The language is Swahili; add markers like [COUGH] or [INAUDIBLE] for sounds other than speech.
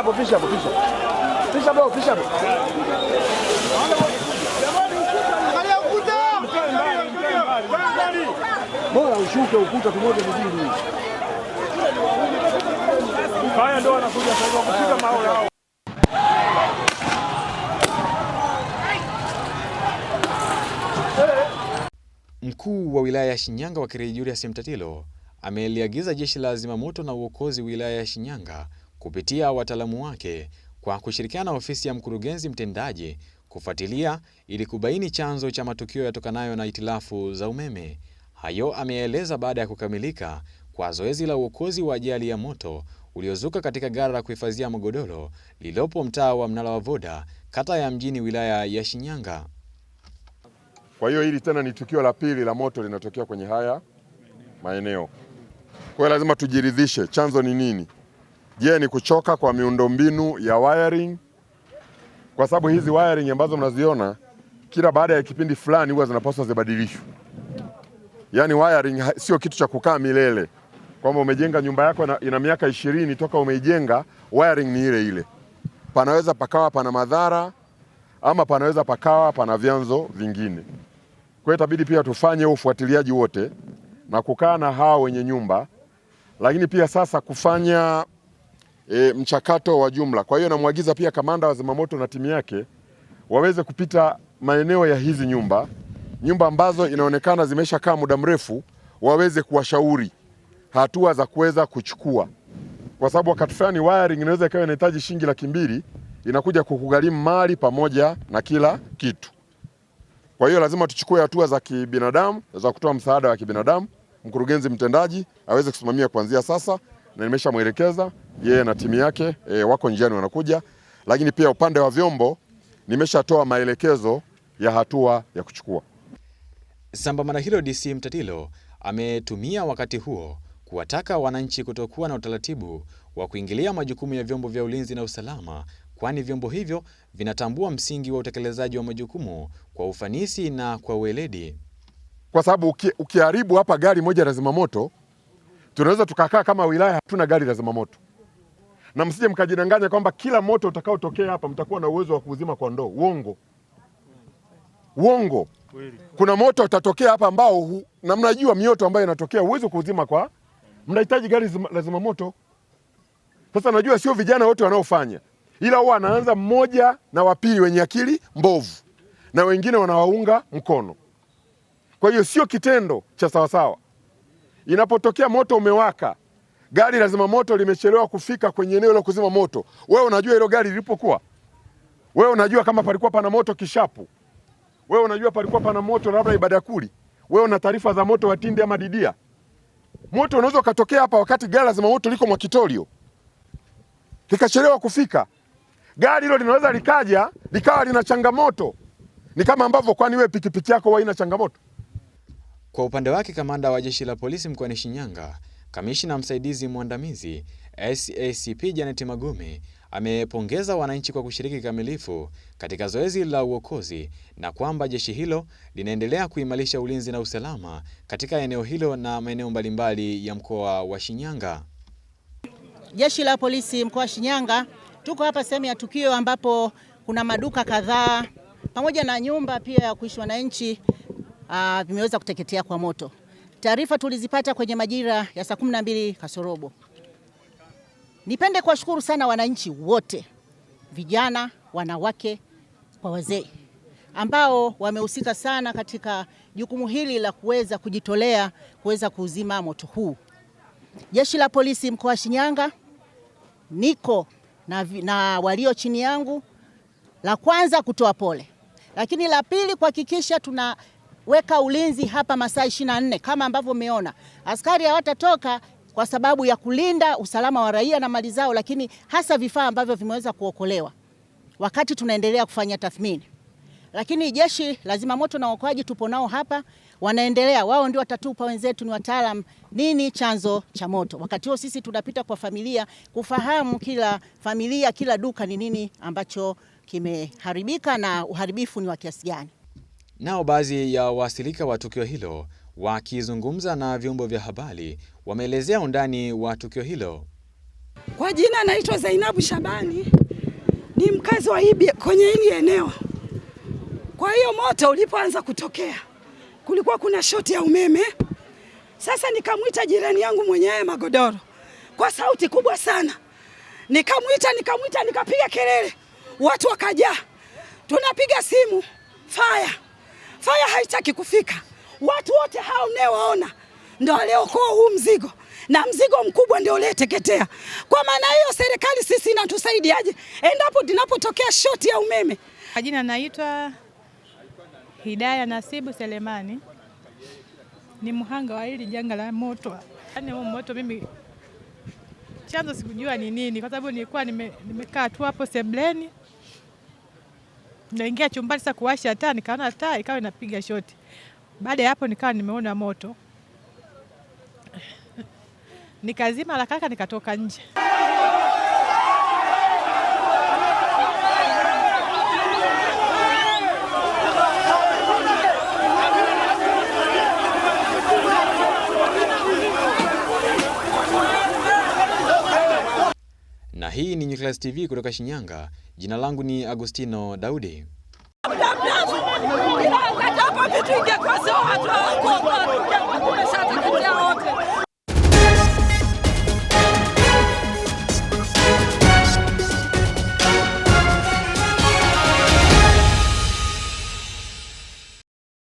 hapo, pisha hapo, pisha. Pisha hapo, pisha hapo. Bora ushuke ukuta tumoja mjini. Haya ndo wanakuja sasa kushika maola yao. Mkuu wa wilaya ya Shinyanga wakili Julius Mtatiro ameliagiza jeshi la zimamoto na uokozi wilaya ya Shinyanga kupitia wataalamu wake kwa kushirikiana na ofisi ya mkurugenzi mtendaji kufuatilia ili kubaini chanzo cha matukio yatokanayo na hitilafu za umeme. Hayo ameeleza baada ya kukamilika kwa zoezi la uokozi wa ajali ya moto uliozuka katika gara la kuhifadhia magodoro lililopo mtaa wa Mnara wa Voda, kata ya Mjini, wilaya ya Shinyanga. Kwa hiyo hili tena ni tukio la pili la moto linatokea kwenye haya maeneo. Kwa hiyo lazima tujiridhishe chanzo ni nini. Je, ni kuchoka kwa miundombinu ya wiring? Kwa sababu hizi wiring ambazo mnaziona kila baada ya kipindi fulani huwa zinapaswa zibadilishwe. Yaani wiring sio kitu cha kukaa milele kwamba umejenga nyumba yako ina, ina miaka ishirini toka umeijenga, wiring ni ile ile. Panaweza pakawa pana madhara ama panaweza pakawa pana vyanzo vingine. Kwa hiyo itabidi pia tufanye ufuatiliaji wote na kukaa na hawa wenye nyumba, lakini pia sasa kufanya e, mchakato wa jumla. Kwa hiyo namwagiza pia kamanda wa zimamoto na timu yake waweze kupita maeneo ya hizi nyumba, nyumba ambazo inaonekana zimeshakaa muda mrefu, waweze kuwashauri hatua za kuweza kuchukua, kwa sababu wakati fulani wiring inaweza ikawa inahitaji shilingi laki mbili inakuja kukugharimu mali pamoja na kila kitu. Kwa hiyo lazima tuchukue hatua za kibinadamu za kutoa msaada wa kibinadamu. Mkurugenzi mtendaji aweze kusimamia kuanzia sasa na nimeshamwelekeza yeye na timu yake e, wako njiani wanakuja, lakini pia upande wa vyombo nimeshatoa maelekezo ya hatua ya kuchukua. Sambamba na hilo, DC Mtatilo ametumia wakati huo kuwataka wananchi kutokuwa na utaratibu wa kuingilia majukumu ya vyombo vya ulinzi na usalama, kwani vyombo hivyo vinatambua msingi wa utekelezaji wa majukumu kwa ufanisi na kwa ueledi, kwa sababu ukiharibu hapa gari moja la zimamoto tunaweza tukakaa kama wilaya hatuna gari la zimamoto, na msije mkajidanganya kwamba kila moto utakaotokea hapa mtakuwa na uwezo wa kuuzima kwa ndoo. Uongo, uongo. Kuna moto utatokea hapa ambao hu, na mnajua mioto ambayo inatokea uwezo kuuzima kwa, mnahitaji gari la zimamoto. Sasa najua sio vijana wote wanaofanya, ila huwa anaanza mmoja na wapili wenye akili mbovu, na wengine wanawaunga mkono. Kwa hiyo sio kitendo cha sawasawa. Inapotokea moto umewaka, gari la zima moto limechelewa kufika kwenye eneo la kuzima moto, wewe unajua hilo gari lilipokuwa? Wewe unajua kama palikuwa pana moto Kishapu? Wewe unajua palikuwa pana moto labda Ibadakuli? Wewe una taarifa za moto wa Tindi ama Didia? Moto unaweza ukatokea hapa wakati gari la zima moto liko Mwakitolio likachelewa kufika. Gari hilo linaweza likaja likawa lina changamoto, ni kama ambavyo, kwani wewe pikipiki yako ina changamoto? Kwa upande wake kamanda wa jeshi la polisi mkoani Shinyanga, kamishna msaidizi mwandamizi SACP Janet magume amepongeza wananchi kwa kushiriki kikamilifu katika zoezi la uokozi na kwamba jeshi hilo linaendelea kuimarisha ulinzi na usalama katika eneo hilo na maeneo mbalimbali ya mkoa wa Shinyanga. Jeshi la polisi mkoa wa Shinyanga, tuko hapa sehemu ya tukio ambapo kuna maduka kadhaa pamoja na nyumba pia ya kuishi wananchi uh, vimeweza kuteketea kwa moto. Taarifa tulizipata kwenye majira ya saa 12 kasorobo. Nipende kuwashukuru sana wananchi wote, vijana, wanawake kwa wazee ambao wamehusika sana katika jukumu hili la kuweza kujitolea kuweza kuuzima moto huu. Jeshi la polisi mkoa wa Shinyanga niko na, na walio chini yangu, la kwanza kutoa pole, lakini la pili kuhakikisha tuna weka ulinzi hapa masaa 24 kama ambavyo umeona askari hawatatoka kwa sababu ya kulinda usalama wa raia na mali zao, lakini hasa vifaa ambavyo vimeweza kuokolewa wakati tunaendelea kufanya tathmini. Lakini jeshi la zimamoto na uokoaji tupo nao hapa, wanaendelea wao, ndio watatupa, wenzetu ni wataalam, nini chanzo cha moto. Wakati huo sisi tunapita kwa familia kufahamu kila familia, kila duka ni nini ambacho kimeharibika na uharibifu ni wa kiasi gani. Nao baadhi ya waathirika wa tukio hilo wakizungumza na vyombo vya habari wameelezea undani wa tukio hilo. Kwa jina naitwa Zainabu Shabani, ni mkazi wa hibi kwenye hili eneo. Kwa hiyo moto ulipoanza kutokea kulikuwa kuna shoti ya umeme. Sasa nikamwita jirani yangu mwenyewe magodoro kwa sauti kubwa sana, nikamwita nikamwita, nikapiga kelele, watu wakajaa, tunapiga simu haitaki kufika. Watu wote hao mnayowaona ndio waliokoa huu mzigo na mzigo mkubwa ndio ulioteketea. Kwa maana hiyo, serikali sisi inatusaidiaje endapo tunapotokea shoti ya umeme? Majina naitwa Hidaya Nasibu Selemani, ni mhanga wa hili janga la moto. Yaani huu moto mimi chanzo sikujua ni nini, kwa sababu nilikuwa nimekaa nime tu hapo sebleni Naingia chumbani sasa kuwasha taa, nikaona taa ikawa inapiga shoti. Baada ya hapo nikawa nimeona moto [LAUGHS] nikazima la nikatoka nje. hii ni Nyclass TV kutoka Shinyanga. Jina langu ni Agustino Daudi.